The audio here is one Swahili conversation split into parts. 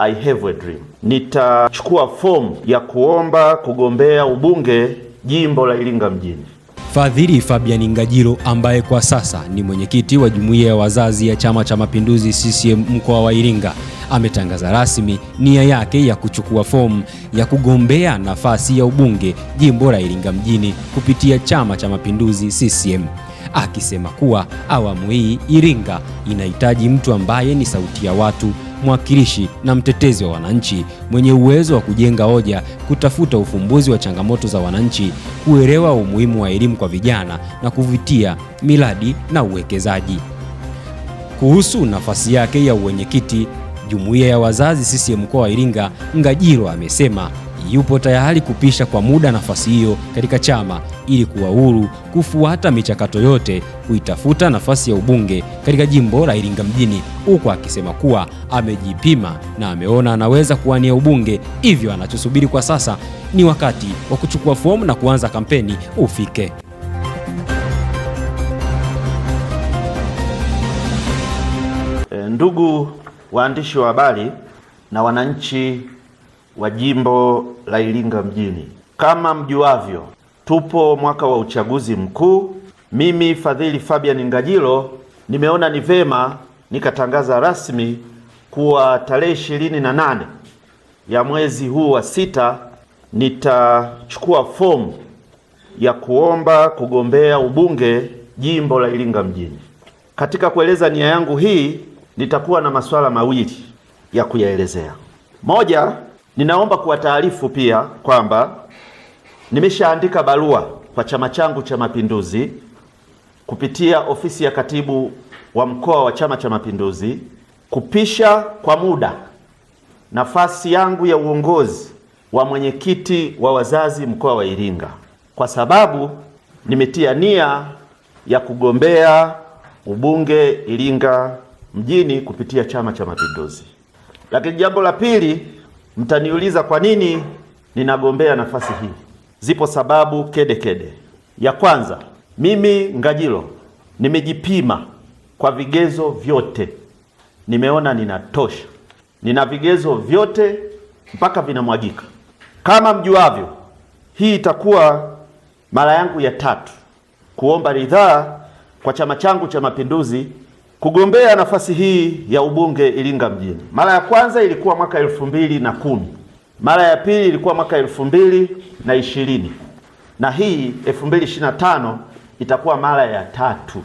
I have a dream. Nitachukua fomu ya kuomba kugombea ubunge jimbo la Iringa mjini. Fadhili Fabian Ngajilo ambaye kwa sasa ni mwenyekiti wa jumuiya ya wazazi ya Chama cha Mapinduzi CCM mkoa wa Iringa ametangaza rasmi nia yake ya kuchukua fomu ya kugombea nafasi ya ubunge jimbo la Iringa mjini kupitia Chama cha Mapinduzi CCM akisema kuwa awamu hii Iringa inahitaji mtu ambaye ni sauti ya watu mwakilishi na mtetezi wa wananchi mwenye uwezo wa kujenga hoja, kutafuta ufumbuzi wa changamoto za wananchi, kuelewa umuhimu wa elimu kwa vijana na kuvutia miradi na uwekezaji. Kuhusu nafasi yake ya uwenyekiti Jumuiya ya Wazazi CCM Mkoa wa Iringa, Ngajilo amesema yupo tayari kupisha kwa muda nafasi hiyo katika chama ili kuwa huru kufuata michakato yote kuitafuta nafasi ya ubunge katika jimbo la Iringa mjini, huku akisema kuwa amejipima na ameona anaweza kuwania ubunge, hivyo anachosubiri kwa sasa ni wakati wa kuchukua fomu na kuanza kampeni ufike. E, ndugu waandishi wa habari na wananchi wa jimbo la Iringa mjini. Kama mjuavyo, tupo mwaka wa uchaguzi mkuu. Mimi Fadhili Fabian Ngajilo nimeona ni vema nikatangaza rasmi kuwa tarehe ishirini na nane ya mwezi huu wa sita nitachukua fomu ya kuomba kugombea ubunge jimbo la Iringa mjini. Katika kueleza nia yangu hii, nitakuwa na masuala mawili ya kuyaelezea. Moja, Ninaomba kuwataarifu pia kwamba nimeshaandika barua kwa chama changu cha Mapinduzi kupitia ofisi ya katibu wa mkoa wa Chama cha Mapinduzi kupisha kwa muda nafasi yangu ya uongozi wa mwenyekiti wa wazazi mkoa wa Iringa kwa sababu nimetia nia ya kugombea ubunge Iringa mjini kupitia Chama cha Mapinduzi. Lakini jambo la pili Mtaniuliza kwa nini ninagombea nafasi hii. Zipo sababu kedekede kede. Ya kwanza, mimi Ngajilo nimejipima kwa vigezo vyote, nimeona ninatosha, nina vigezo vyote mpaka vinamwagika. Kama mjuavyo, hii itakuwa mara yangu ya tatu kuomba ridhaa kwa chama changu cha Mapinduzi kugombea nafasi hii ya ubunge Iringa mjini. Mara ya kwanza ilikuwa mwaka elfu mbili na kumi, mara ya pili ilikuwa mwaka elfu mbili na ishirini na hii elfu mbili ishirini na tano itakuwa mara ya tatu.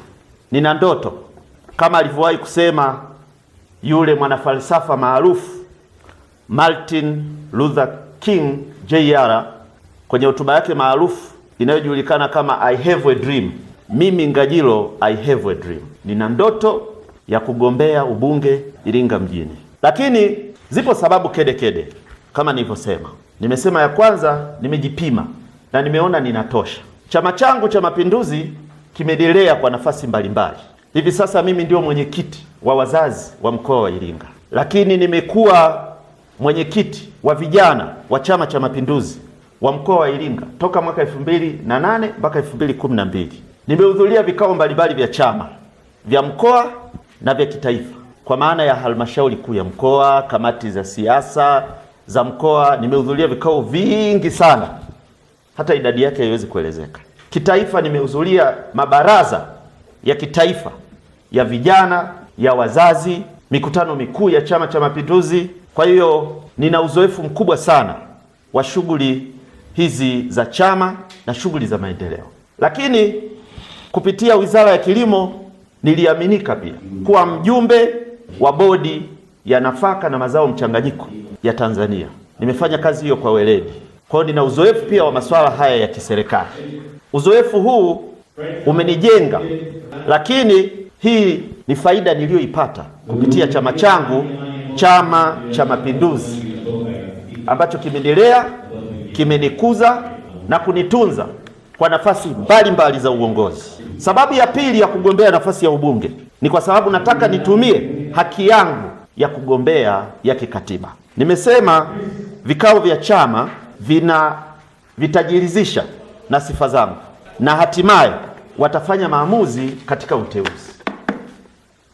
Nina ndoto kama alivyowahi kusema yule mwanafalsafa maarufu Martin Luther King Jr. kwenye hotuba yake maarufu inayojulikana kama I have a dream. Mimi Ngajilo I have a dream, nina ndoto ya kugombea ubunge Iringa mjini, lakini zipo sababu kedekede kede. Kama nilivyosema, nimesema ya kwanza, nimejipima na nimeona ninatosha. Chama changu cha Mapinduzi kimedelea kwa nafasi mbalimbali. Hivi sasa mimi ndio mwenyekiti wa wazazi wa mkoa wa Iringa, lakini nimekuwa mwenyekiti wa vijana wa Chama cha Mapinduzi wa mkoa wa Iringa toka mwaka 2008 mpaka 2012. Nimehudhuria vikao mbalimbali vya chama vya mkoa na vya kitaifa kwa maana ya halmashauri kuu ya mkoa, kamati za siasa za mkoa. Nimehudhuria vikao vingi sana, hata idadi yake haiwezi kuelezeka. Kitaifa nimehudhuria mabaraza ya kitaifa ya vijana, ya wazazi, mikutano mikuu ya Chama cha Mapinduzi. Kwa hiyo nina uzoefu mkubwa sana wa shughuli hizi za chama na shughuli za maendeleo, lakini kupitia Wizara ya Kilimo niliaminika pia kuwa mjumbe wa Bodi ya Nafaka na Mazao Mchanganyiko ya Tanzania. Nimefanya kazi hiyo kwa weledi, kwa hiyo nina uzoefu pia wa masuala haya ya kiserikali. Uzoefu huu umenijenga, lakini hii ni faida niliyoipata kupitia chama changu, Chama cha Mapinduzi, ambacho kimenilea, kimenikuza na kunitunza kwa nafasi mbalimbali za uongozi. Sababu ya pili ya kugombea nafasi ya ubunge ni kwa sababu nataka nitumie haki yangu ya kugombea ya kikatiba. Nimesema vikao vya chama vina vitajiridhisha na sifa zangu na hatimaye watafanya maamuzi katika uteuzi,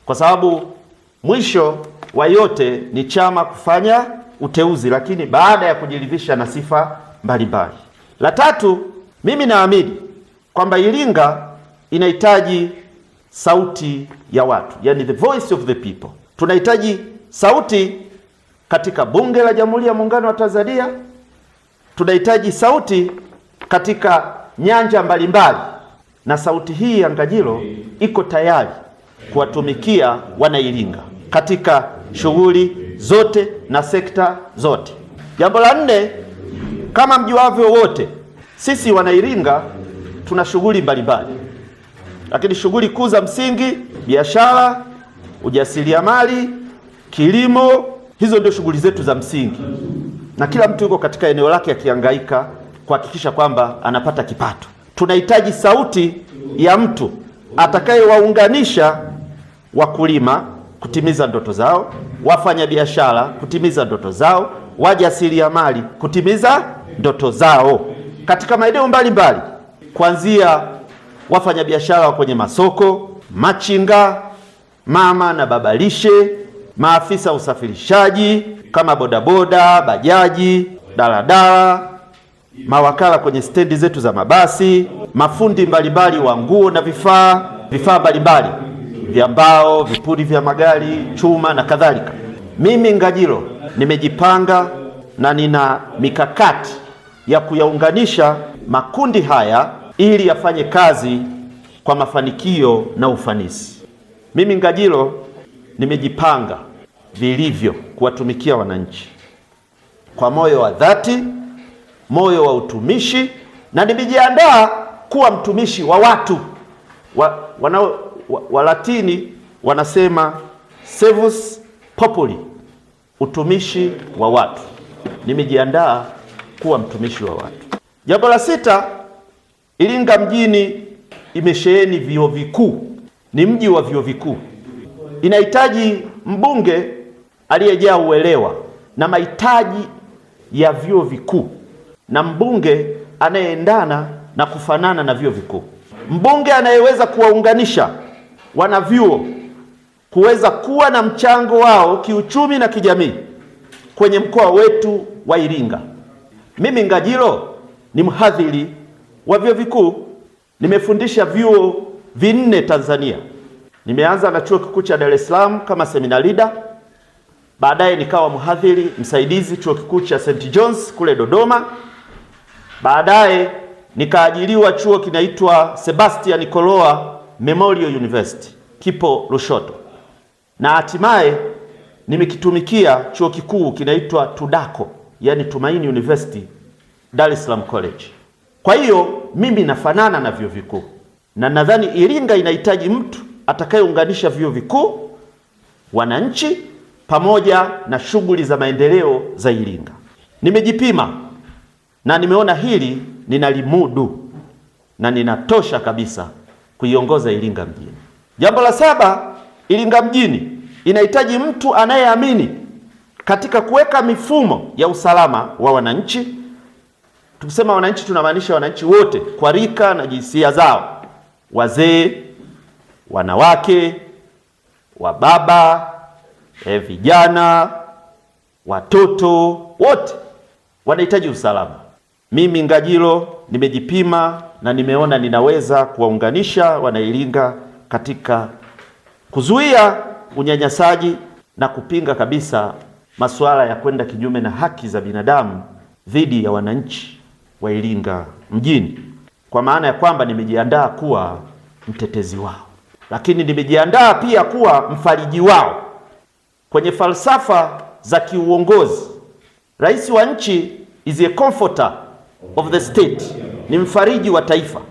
kwa sababu mwisho wa yote ni chama kufanya uteuzi, lakini baada ya kujiridhisha na sifa mbalimbali. La tatu mimi naamini kwamba Iringa inahitaji sauti ya watu, yani the voice of the people. Tunahitaji sauti katika Bunge la Jamhuri ya Muungano wa Tanzania, tunahitaji sauti katika nyanja mbalimbali, na sauti hii ya Ngajilo iko tayari kuwatumikia wanairinga katika shughuli zote na sekta zote. Jambo la nne, kama mjuavyo wote sisi Wanairinga tuna shughuli mbalimbali, lakini shughuli kuu za msingi biashara, ujasiriamali, kilimo, hizo ndio shughuli zetu za msingi, na kila mtu yuko katika eneo lake akihangaika kuhakikisha kwamba anapata kipato. Tunahitaji sauti ya mtu atakayewaunganisha wakulima kutimiza ndoto zao, wafanyabiashara kutimiza ndoto zao, wajasiriamali kutimiza ndoto zao katika maeneo mbalimbali kuanzia wafanyabiashara wa kwenye masoko, machinga, mama na baba lishe, maafisa usafirishaji kama bodaboda, bajaji, daladala, mawakala kwenye stendi zetu za mabasi, mafundi mbalimbali wa nguo na vifaa vifaa mbalimbali vya mbao, vipuri vya magari, chuma na kadhalika. Mimi Ngajilo nimejipanga na nina mikakati ya kuyaunganisha makundi haya ili yafanye kazi kwa mafanikio na ufanisi. Mimi Ngajilo nimejipanga vilivyo kuwatumikia wananchi kwa moyo wa dhati, moyo wa utumishi, na nimejiandaa kuwa mtumishi wa watu wa, wana, wa, Latini wanasema servus populi, utumishi wa watu. Nimejiandaa kuwa mtumishi wa watu. Jambo la sita, Iringa mjini imesheheni vyuo vikuu, ni mji wa vyuo vikuu. Inahitaji mbunge aliyejaa uelewa na mahitaji ya vyuo vikuu na mbunge anayeendana na kufanana na vyuo vikuu, mbunge anayeweza kuwaunganisha wanavyuo kuweza kuwa na mchango wao kiuchumi na kijamii kwenye mkoa wetu wa Iringa. Mimi Ngajilo ni mhadhiri wa vyuo vikuu, nimefundisha vyuo vinne Tanzania. Nimeanza na chuo kikuu cha Dar es Salaam kama seminar leader, baadaye nikawa mhadhiri msaidizi chuo kikuu cha St John's kule Dodoma, baadaye nikaajiriwa chuo kinaitwa Sebastian Koloa Memorial University kipo Lushoto, na hatimaye nimekitumikia chuo kikuu kinaitwa tudako yani Tumaini University Dar es Salaam College. Kwa hiyo mimi nafanana na vyuo vikuu na nadhani Iringa inahitaji mtu atakayeunganisha vyuo vikuu, wananchi pamoja na shughuli za maendeleo za Iringa. Nimejipima na nimeona hili ninalimudu na ninatosha kabisa kuiongoza Iringa mjini. Jambo la saba, Iringa mjini inahitaji mtu anayeamini katika kuweka mifumo ya usalama wa wananchi. Tukisema wananchi, tunamaanisha wananchi wote kwa rika na jinsia zao, wazee, wanawake, wababa, eh, vijana, watoto, wote wanahitaji usalama. Mimi Ngajilo nimejipima na nimeona ninaweza kuwaunganisha Wanairinga katika kuzuia unyanyasaji na kupinga kabisa masuala ya kwenda kinyume na haki za binadamu dhidi ya wananchi wa Iringa mjini, kwa maana ya kwamba nimejiandaa kuwa mtetezi wao, lakini nimejiandaa pia kuwa mfariji wao kwenye falsafa za kiuongozi. Rais wa nchi is a comforter of the state, ni mfariji wa taifa.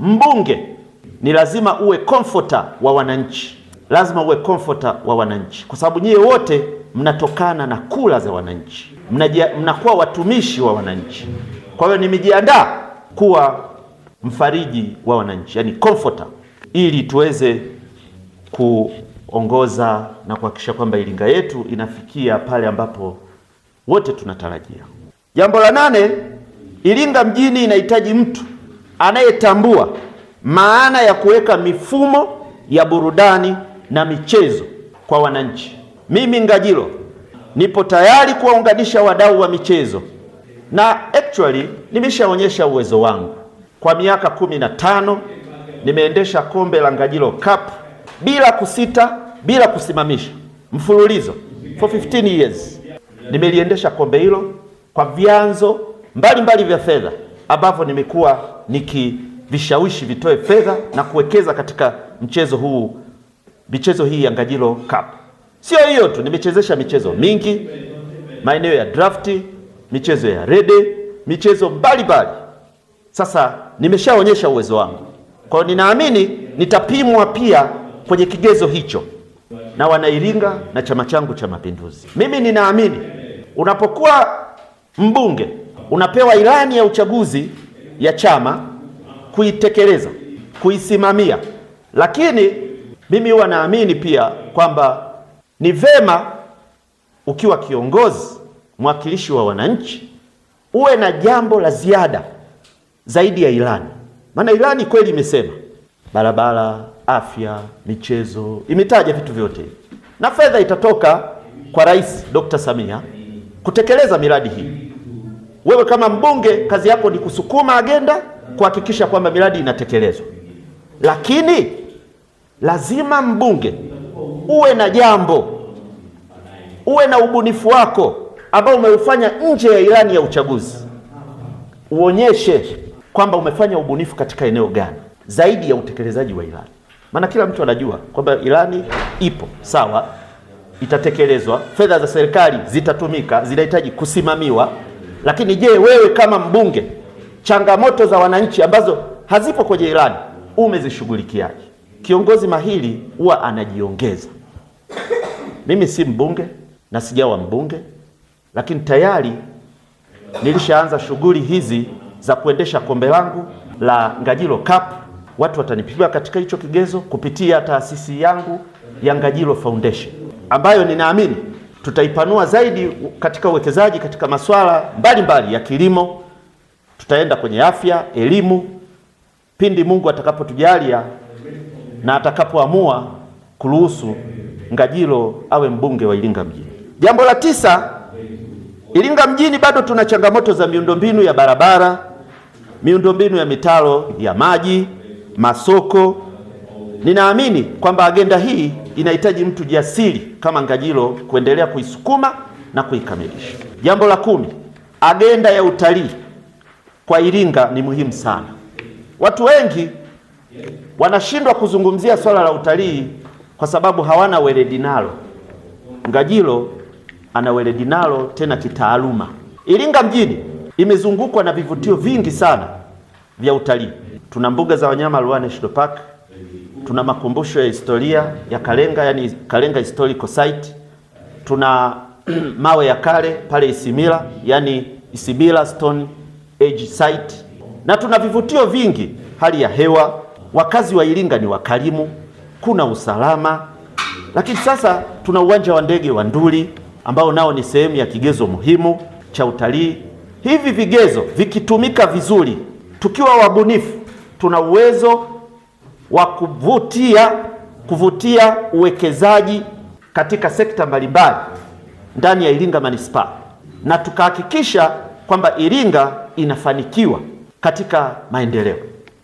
Mbunge ni lazima uwe comforter wa wananchi, lazima uwe comforter wa wananchi, kwa sababu nyie wote mnatokana na kula za wananchi, mnakuwa watumishi wa wananchi. Kwa hiyo nimejiandaa kuwa mfariji wa wananchi, yani comforter, ili tuweze kuongoza na kuhakikisha kwamba Iringa yetu inafikia pale ambapo wote tunatarajia. Jambo la nane, Iringa mjini inahitaji mtu anayetambua maana ya kuweka mifumo ya burudani na michezo kwa wananchi. Mimi Ngajilo nipo tayari kuwaunganisha wadau wa michezo na actually nimeshaonyesha uwezo wangu. Kwa miaka kumi na tano nimeendesha kombe la Ngajilo Cup bila kusita, bila kusimamisha, mfululizo for 15 years. Nimeliendesha kombe hilo kwa vyanzo mbalimbali mbali vya fedha ambavyo nimekuwa nikivishawishi vitoe fedha na kuwekeza katika mchezo huu, michezo hii ya Ngajilo Cup. Sio hiyo tu, nimechezesha michezo mingi, maeneo ya drafti, michezo ya rede, michezo mbalimbali. Sasa nimeshaonyesha uwezo wangu, kwa hiyo ninaamini nitapimwa pia kwenye kigezo hicho na Wanairinga na chama changu cha Mapinduzi. Mimi ninaamini unapokuwa mbunge unapewa ilani ya uchaguzi ya chama kuitekeleza, kuisimamia, lakini mimi huwa naamini pia kwamba ni vema ukiwa kiongozi mwakilishi wa wananchi uwe na jambo la ziada zaidi ya ilani, maana ilani kweli imesema barabara, afya, michezo, imetaja vitu vyote, na fedha itatoka kwa Rais Dr. Samia kutekeleza miradi hii. Wewe kama mbunge, kazi yako ni kusukuma agenda, kuhakikisha kwamba miradi inatekelezwa, lakini lazima mbunge uwe na jambo, uwe na ubunifu wako ambao umeufanya nje ya ilani ya uchaguzi, uonyeshe kwamba umefanya ubunifu katika eneo gani zaidi ya utekelezaji wa ilani. Maana kila mtu anajua kwamba ilani ipo sawa, itatekelezwa, fedha za serikali zitatumika, zinahitaji kusimamiwa. Lakini je, wewe kama mbunge, changamoto za wananchi ambazo hazipo kwenye ilani umezishughulikiaje? Kiongozi mahili huwa anajiongeza. Mimi si mbunge na sijawa mbunge, lakini tayari nilishaanza shughuli hizi za kuendesha kombe langu la Ngajilo Cup. Watu watanipigia katika hicho kigezo kupitia taasisi yangu ya Ngajilo Foundation ambayo ninaamini tutaipanua zaidi katika uwekezaji katika masuala mbalimbali ya kilimo, tutaenda kwenye afya, elimu, pindi Mungu atakapotujalia na atakapoamua kuruhusu Ngajilo awe mbunge wa Iringa mjini. Jambo la tisa, Iringa mjini bado tuna changamoto za miundombinu ya barabara, miundombinu ya mitaro ya maji, masoko. Ninaamini kwamba agenda hii inahitaji mtu jasiri kama Ngajilo kuendelea kuisukuma na kuikamilisha. Jambo la kumi, agenda ya utalii kwa Iringa ni muhimu sana. Watu wengi wanashindwa kuzungumzia swala la utalii kwa sababu hawana weledi nalo. Ngajilo ana weledi nalo tena kitaaluma. Iringa mjini imezungukwa na vivutio vingi sana vya utalii. Tuna mbuga za wanyama Ruaha National Park, tuna makumbusho ya historia ya Kalenga, yani Kalenga Historical Site, tuna mawe ya kale pale Isimila, yani Isimila Stone Age Site, na tuna vivutio vingi. Hali ya hewa, wakazi wa Iringa ni wakarimu kuna usalama. Lakini sasa tuna uwanja wa ndege wa Nduli ambao nao ni sehemu ya kigezo muhimu cha utalii. Hivi vigezo vikitumika vizuri, tukiwa wabunifu, tuna uwezo wa kuvutia kuvutia uwekezaji katika sekta mbalimbali ndani ya Iringa manispaa na tukahakikisha kwamba Iringa inafanikiwa katika maendeleo.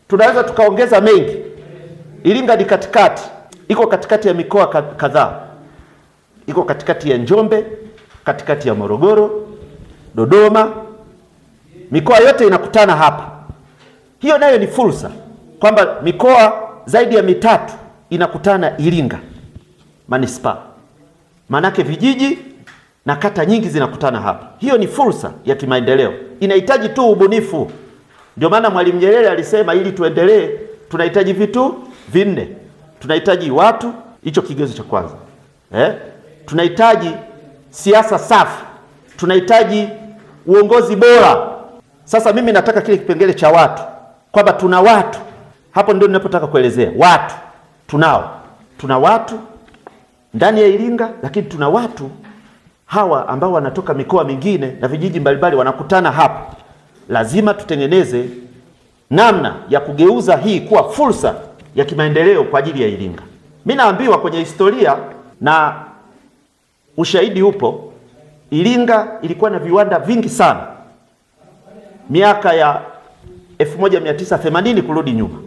Tunaweza tukaongeza mengi Iringa ni katikati, iko katikati ya mikoa kadhaa, iko katikati ya Njombe, katikati ya Morogoro, Dodoma, mikoa yote inakutana hapa. Hiyo nayo ni fursa kwamba mikoa zaidi ya mitatu inakutana Iringa manispaa, manake vijiji na kata nyingi zinakutana hapa. Hiyo ni fursa ya kimaendeleo, inahitaji tu ubunifu. Ndio maana Mwalimu Nyerere alisema ili tuendelee tunahitaji vitu vinne. Tunahitaji watu, hicho kigezo cha kwanza eh? Tunahitaji siasa safi, tunahitaji uongozi bora. Sasa mimi nataka kile kipengele cha watu, kwamba tuna watu. Hapo ndio ninapotaka kuelezea watu tunao, tuna watu ndani ya Iringa, lakini tuna watu hawa ambao wanatoka mikoa mingine na vijiji mbalimbali wanakutana hapa. Lazima tutengeneze namna ya kugeuza hii kuwa fursa ya kimaendeleo kwa ajili ya Iringa. Mimi naambiwa kwenye historia na ushahidi upo, Iringa ilikuwa na viwanda vingi sana miaka ya 1980 kurudi nyuma,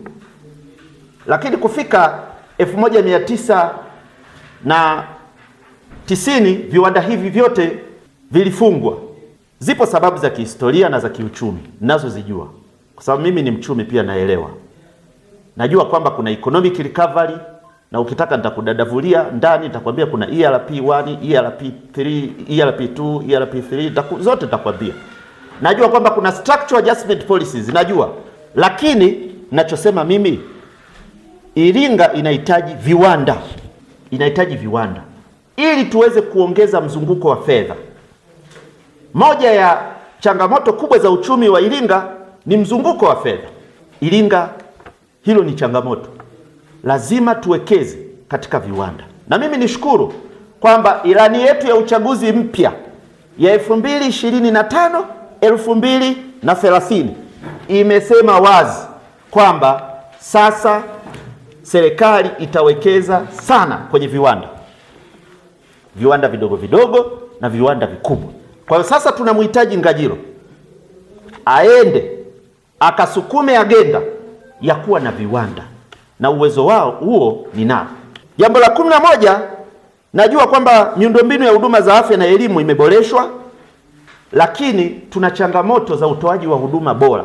lakini kufika 1990 viwanda hivi vyote vilifungwa. Zipo sababu za kihistoria na za kiuchumi zijua, kwa sababu mimi ni mchumi pia naelewa najua kwamba kuna economic recovery na ukitaka nitakudadavulia ndani, nitakwambia kuna ERP 1, ERP 3, ERP 2, ERP 3 zote nitakwambia. Najua kwamba kuna structural adjustment policies najua, lakini nachosema mimi Iringa inahitaji viwanda, inahitaji viwanda ili tuweze kuongeza mzunguko wa fedha. Moja ya changamoto kubwa za uchumi wa Iringa ni mzunguko wa fedha. Iringa hilo ni changamoto. Lazima tuwekeze katika viwanda, na mimi nishukuru kwamba ilani yetu ya uchaguzi mpya ya 2025 2030 imesema wazi kwamba sasa serikali itawekeza sana kwenye viwanda, viwanda vidogo vidogo na viwanda vikubwa. Kwa hiyo sasa tunamhitaji Ngajilo aende akasukume agenda ya kuwa na viwanda na uwezo wao huo ninao. Jambo la kumi na moja, najua kwamba miundombinu ya huduma za afya na elimu imeboreshwa, lakini tuna changamoto za utoaji wa huduma bora.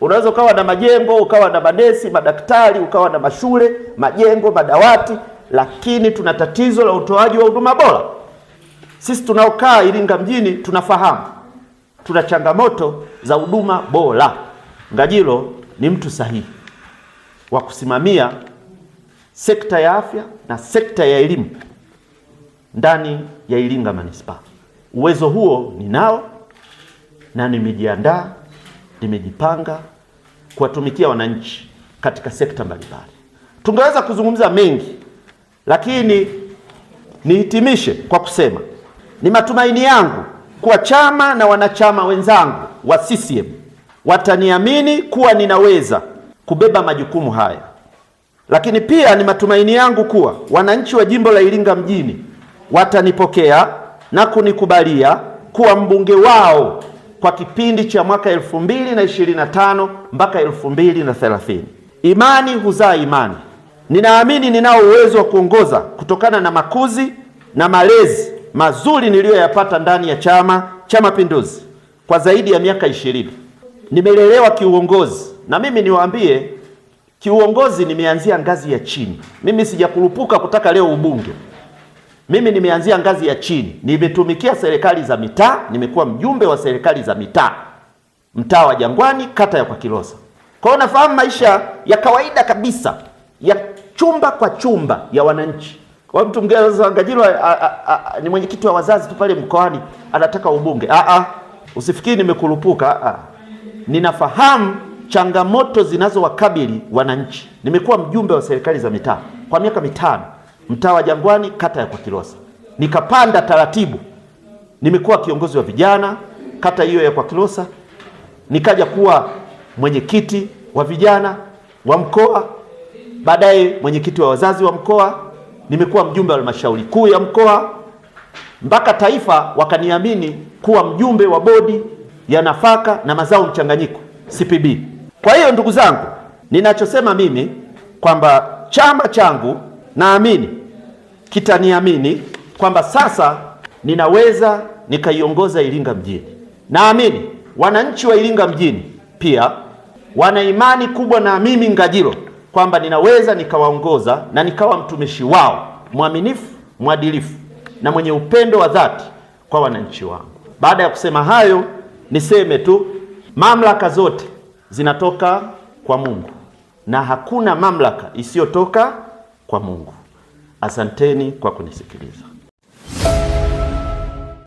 Unaweza ukawa na majengo, ukawa na manesi, madaktari, ukawa na mashule, majengo, madawati, lakini tuna tatizo la utoaji wa huduma bora. Sisi tunaokaa Iringa mjini tunafahamu tuna changamoto za huduma bora. Ngajilo ni mtu sahihi wa kusimamia sekta ya afya na sekta ya elimu ndani ya Iringa Manispaa. Uwezo huo ninao na nimejiandaa, nimejipanga kuwatumikia wananchi katika sekta mbalimbali. Tungeweza kuzungumza mengi, lakini nihitimishe kwa kusema ni matumaini yangu kuwa chama na wanachama wenzangu wa CCM wataniamini kuwa ninaweza kubeba majukumu haya, lakini pia ni matumaini yangu kuwa wananchi wa jimbo la Iringa mjini watanipokea na kunikubalia kuwa mbunge wao kwa kipindi cha mwaka 2025 mpaka 2030. Imani huzaa imani. Ninaamini ninao uwezo wa kuongoza kutokana na makuzi na malezi mazuri niliyoyapata ndani ya Chama cha Mapinduzi kwa zaidi ya miaka ishirini. Nimelelewa kiuongozi na mimi niwaambie kiuongozi, nimeanzia ngazi ya chini. Mimi sijakurupuka kutaka leo ubunge. Mimi nimeanzia ngazi ya chini, nimetumikia serikali za mitaa, nimekuwa mjumbe wa serikali za mitaa, mtaa wa Jangwani, kata ya Kwakilosa. Kwa hiyo nafahamu maisha ya kawaida kabisa ya chumba kwa chumba ya wananchi. Kwa mtu Ngajilo ni mwenyekiti wa wazazi tu pale mkoani, anataka ubunge. A ah, ah. usifikiri nimekurupuka. Ah ah. ninafahamu changamoto zinazowakabili wananchi. Nimekuwa mjumbe wa serikali za mitaa kwa miaka mitano, mtaa wa Jangwani, kata ya Kwakilosa, nikapanda taratibu, nimekuwa kiongozi wa vijana kata hiyo ya Kwakilosa, nikaja kuwa mwenyekiti wa vijana wa mkoa, baadaye mwenyekiti wa wazazi wa mkoa, nimekuwa mjumbe wa halmashauri kuu ya mkoa mpaka taifa wakaniamini kuwa mjumbe wa bodi ya nafaka na mazao mchanganyiko CPB. Kwa hiyo ndugu zangu, ninachosema mimi kwamba chama changu naamini kitaniamini kwamba sasa ninaweza nikaiongoza Iringa mjini. Naamini wananchi wa Iringa mjini pia wana imani kubwa na mimi Ngajilo kwamba ninaweza nikawaongoza na nikawa mtumishi wao mwaminifu, mwadilifu na mwenye upendo wa dhati kwa wananchi wangu. Baada ya kusema hayo, niseme tu mamlaka zote zinatoka kwa Mungu na hakuna mamlaka isiyotoka kwa Mungu. Asanteni kwa kunisikiliza.